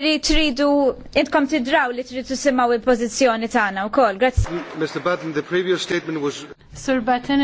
li tridu, intkom tidraw li tridu simaw il-pozizjoni tagħna wkoll. Grazzi. Mr. Button, the previous statement was... Sir Button,